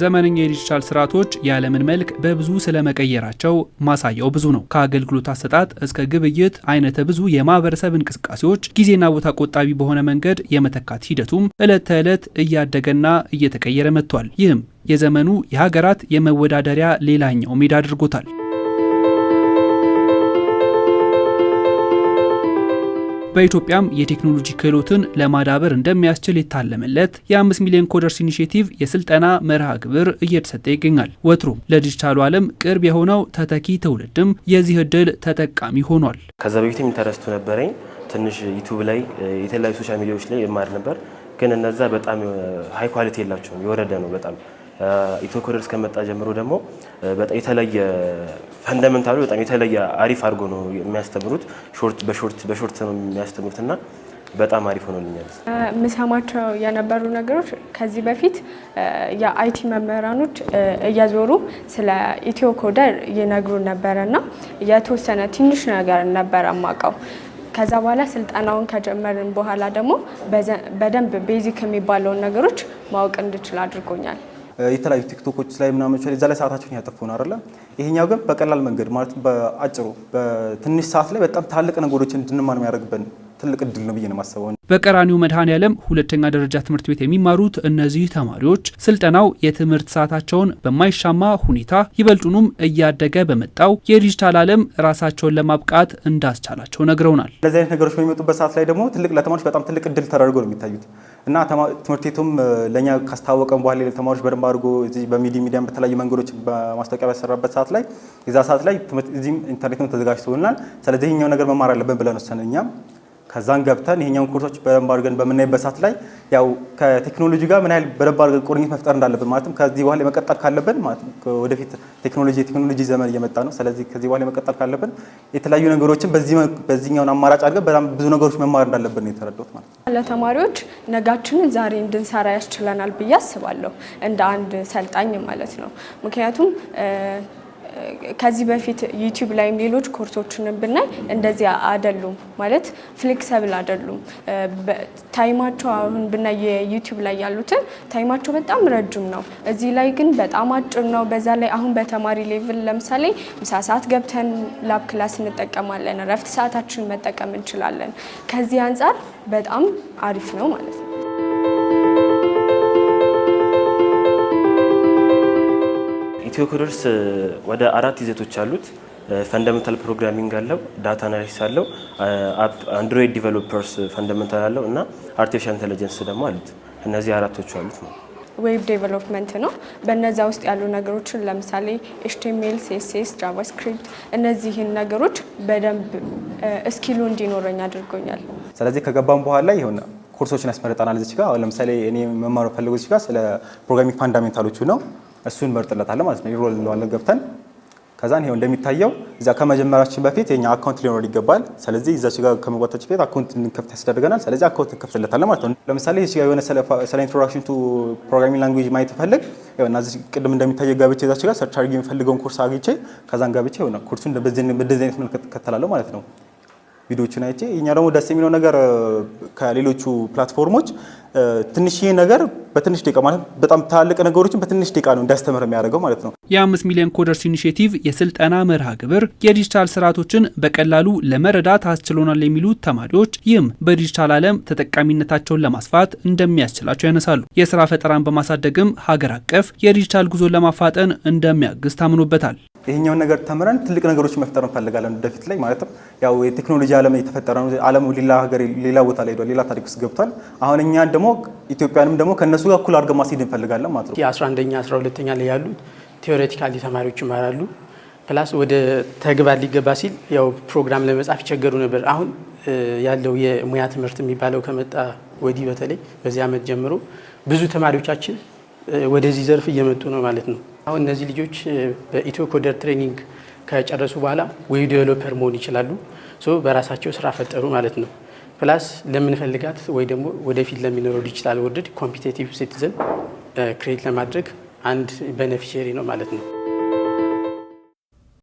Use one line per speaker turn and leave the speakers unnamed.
ዘመነኛ የዲጂታል ስርዓቶች የዓለምን መልክ በብዙ ስለመቀየራቸው ማሳያው ብዙ ነው። ከአገልግሎት አሰጣጥ እስከ ግብይት አይነተ ብዙ የማህበረሰብ እንቅስቃሴዎች ጊዜና ቦታ ቆጣቢ በሆነ መንገድ የመተካት ሂደቱም ዕለት ተዕለት እያደገና እየተቀየረ መጥቷል። ይህም የዘመኑ የሀገራት የመወዳደሪያ ሌላኛው ሜዳ አድርጎታል። በኢትዮጵያም የቴክኖሎጂ ክህሎትን ለማዳበር እንደሚያስችል የታለመለት የ5 ሚሊዮን ኮደርስ ኢኒሽቲቭ የስልጠና መርሃ ግብር እየተሰጠ ይገኛል። ወትሮም ለዲጂታሉ ዓለም ቅርብ የሆነው ተተኪ ትውልድም የዚህ እድል ተጠቃሚ ሆኗል።
ከዛ በፊትም ኢንተረስቱ ነበረኝ ትንሽ ዩቱብ ላይ የተለያዩ ሶሻል ሚዲያዎች ላይ ይማር ነበር ግን እነዛ በጣም ሀይ ኳሊቲ የላቸውም። የወረደ ነው በጣም ኢትዮ ኮደርስ ከመጣ ጀምሮ ደግሞ በጣም የተለየ ፈንዳመንታሉ በጣም የተለየ አሪፍ አድርጎ ነው የሚያስተምሩት። ሾርት በሾርት በሾርት ነው የሚያስተምሩት እና በጣም አሪፍ ሆኖልኛል።
ምሰማቸው የነበሩ ነገሮች ከዚህ በፊት የአይቲ መምህራኖች እየዞሩ ስለ ኢትዮ ኮደር ይነግሩ ነበረ እና የተወሰነ ትንሽ ነገር ነበረ ማቀው ከዛ በኋላ ስልጠናውን ከጀመርን በኋላ ደግሞ በደንብ ቤዚክ የሚባለውን ነገሮች ማወቅ እንድችል አድርጎኛል።
የተለያዩ ቲክቶኮች ላይ ምናምን እዛ ላይ ሰዓታቸውን ያጠፉ ነው አይደለ? ይሄኛው ግን በቀላል መንገድ ማለት በአጭሩ በትንሽ ሰዓት ላይ በጣም ታላቅ ነገሮች እንድንማር የሚያደርግብን ትልቅ እድል ነው ብዬ ነው የማስበው።
በቀራኒው መድኃኔ ዓለም ሁለተኛ ደረጃ ትምህርት ቤት የሚማሩት እነዚህ ተማሪዎች ስልጠናው የትምህርት ሰዓታቸውን በማይሻማ ሁኔታ ይበልጡንም እያደገ በመጣው የዲጂታል ዓለም ራሳቸውን ለማብቃት እንዳስቻላቸው ነግረውናል።
እንደዚህ አይነት ነገሮች በሚመጡበት ሰዓት ላይ ደግሞ ትልቅ ለተማሪዎች በጣም ትልቅ እድል ተደርጎ ነው የሚታዩት። እና ትምህርት ቤቱም ለእኛ ካስታወቀን በኋላ ሌሎች ተማሪዎች በደንብ አድርጎ በሚዲ ሚዲያም በተለያዩ መንገዶች በማስታወቂያ በሰራበት ሰዓት ላይ የዛ ሰዓት ላይ እዚህም ኢንተርኔትም ተዘጋጅቶልናል። ስለዚህ ኛው ነገር መማር አለብን ብለን ወሰን እኛም ከዛን ገብተን ይሄኛውን ኮርሶች በደንብ አድርገን በምናይበት ሰዓት ላይ ያው ከቴክኖሎጂ ጋር ምን ያህል በደንብ አድርገን ቁርኝት መፍጠር እንዳለብን ማለትም ከዚህ በኋላ የመቀጠል ካለብን ማለት ወደፊት ቴክኖሎጂ የቴክኖሎጂ ዘመን እየመጣ ነው። ስለዚህ ከዚህ በኋላ የመቀጠል ካለብን የተለያዩ ነገሮችን በዚህኛውን አማራጭ አድርገን በጣም ብዙ ነገሮች መማር እንዳለብን ነው የተረዳሁት ማለት
ነው። ለተማሪዎች ነጋችንን ዛሬ እንድንሰራ ያስችለናል ብዬ አስባለሁ እንደ አንድ ሰልጣኝ ማለት ነው ምክንያቱም ከዚህ በፊት ዩቲዩብ ላይም ሌሎች ኮርሶችንም ብናይ እንደዚህ አይደሉም ማለት ፍሌክሰብል አይደሉም። ታይማቸው አሁን ብናይ የዩቲዩብ ላይ ያሉትን ታይማቸው በጣም ረጅም ነው። እዚህ ላይ ግን በጣም አጭር ነው። በዛ ላይ አሁን በተማሪ ሌቭል ለምሳሌ ምሳ ሰዓት ገብተን ላብ ክላስ እንጠቀማለን። እረፍት ሰዓታችን መጠቀም እንችላለን። ከዚህ አንጻር በጣም አሪፍ ነው ማለት ነው።
ቴዎኮደርስ ወደ አራት ይዘቶች አሉት። ፈንደመንታል ፕሮግራሚንግ አለው፣ ዳታ አናሊሲስ አለው፣ አንድሮይድ ዲቨሎፐርስ ፈንደመንታል አለው እና አርቲፊሻል ኢንቴሊጀንስ ደግሞ አሉት። እነዚህ አራቶቹ አሉት ነው።
ዌብ ዴቨሎፕመንት ነው። በነዛ ውስጥ ያሉ ነገሮችን ለምሳሌ ኤችቲኤምኤል፣ ሲኤስኤስ፣ ጃቫስክሪፕት እነዚህን ነገሮች በደንብ እስኪሉ እንዲኖረኝ አድርጎኛል።
ስለዚህ ከገባም በኋላ ይሆነ ኮርሶችን ያስመረጠናል። እዚች ጋር ለምሳሌ እኔ መማር ፈልጎ እዚች ጋር ስለ ፕሮግራሚንግ ፋንዳሜንታሎቹ ነው እሱን መርጥለታለ ማለት ነው። ኢንሮል እንለዋለን ገብተን ከዛን ይሄው እንደሚታየው እዛ ከመጀመራችን በፊት የኛ አካውንት ሊኖር ይገባል። ስለዚህ እዛች ጋር ከመጓታችን በፊት አካውንት እንከፍት ያስደርገናል። ስለዚህ አካውንት እንከፍትለታለን ማለት ነው። ለምሳሌ እዚህ ጋር የሆነ ስለ ኢንትሮዳክሽን ቱ ፕሮግራሚንግ ላንጉዌጅ ማየት ፈልግ እና እዚህ ቅድም እንደሚታየው ጋብቼ እዛች ጋር ሰርች አድርጌ የሚፈልገውን ኮርስ አግኝቼ ከዛን ጋብቼ ይሆና ኮርሱን በዚህ አይነት መልክ እከተላለሁ ማለት ነው። ቪዲዮችን አይቼ እኛ ደግሞ ደስ የሚለው ነገር ከሌሎቹ ፕላትፎርሞች ትንሽ ይህ ነገር በትንሽ ደቂቃ ማለት በጣም ታላልቅ ነገሮችን በትንሽ ደቂቃ ነው እንዲያስተምር የሚያደርገው ማለት ነው።
የአምስት ሚሊዮን ኮደርስ ኢኒሽቲቭ የስልጠና መርሃ ግብር የዲጂታል ስርዓቶችን በቀላሉ ለመረዳት አስችሎናል የሚሉት ተማሪዎች ይህም በዲጂታል ዓለም ተጠቃሚነታቸውን ለማስፋት እንደሚያስችላቸው ያነሳሉ። የስራ ፈጠራን በማሳደግም ሀገር አቀፍ የዲጂታል ጉዞን ለማፋጠን እንደሚያግዝ ታምኖበታል።
ይሄኛውን ነገር ተምረን ትልቅ ነገሮች መፍጠር እንፈልጋለን ወደፊት ላይ ማለትም ያው የቴክኖሎጂ ዓለም የተፈጠረ ነው። ዓለም ሌላ ሀገር ሌላ ቦታ ላይ ሄዷል፣ ሌላ ታሪክ ውስጥ ገብቷል። አሁን እኛን ደግሞ ኢትዮጵያንም ደግሞ ከእነሱ ጋር እኩል አድርገን ማስሄድ እንፈልጋለን ማለት ነው።
አስራ አንደኛ አስራ ሁለተኛ ላይ ያሉት ቴዎሬቲካሊ ተማሪዎች ይማራሉ። ፕላስ ወደ ተግባር ሊገባ ሲል ያው ፕሮግራም ለመጻፍ ይቸገሩ ነበር። አሁን ያለው የሙያ ትምህርት የሚባለው ከመጣ ወዲህ በተለይ በዚህ ዓመት ጀምሮ ብዙ ተማሪዎቻችን ወደዚህ ዘርፍ እየመጡ ነው ማለት ነው። አሁን እነዚህ ልጆች በኢትዮ ኮደር ትሬኒንግ ከጨረሱ በኋላ ዌብ ዴቨሎፐር መሆን ይችላሉ። በራሳቸው ስራ ፈጠሩ ማለት ነው። ፕላስ ለምንፈልጋት ወይ ደግሞ ወደፊት ለሚኖረው ዲጂታል ወርልድ ኮምፒቴቲቭ ሲቲዝን ክሬት ለማድረግ አንድ በነፊሽሪ ነው ማለት ነው።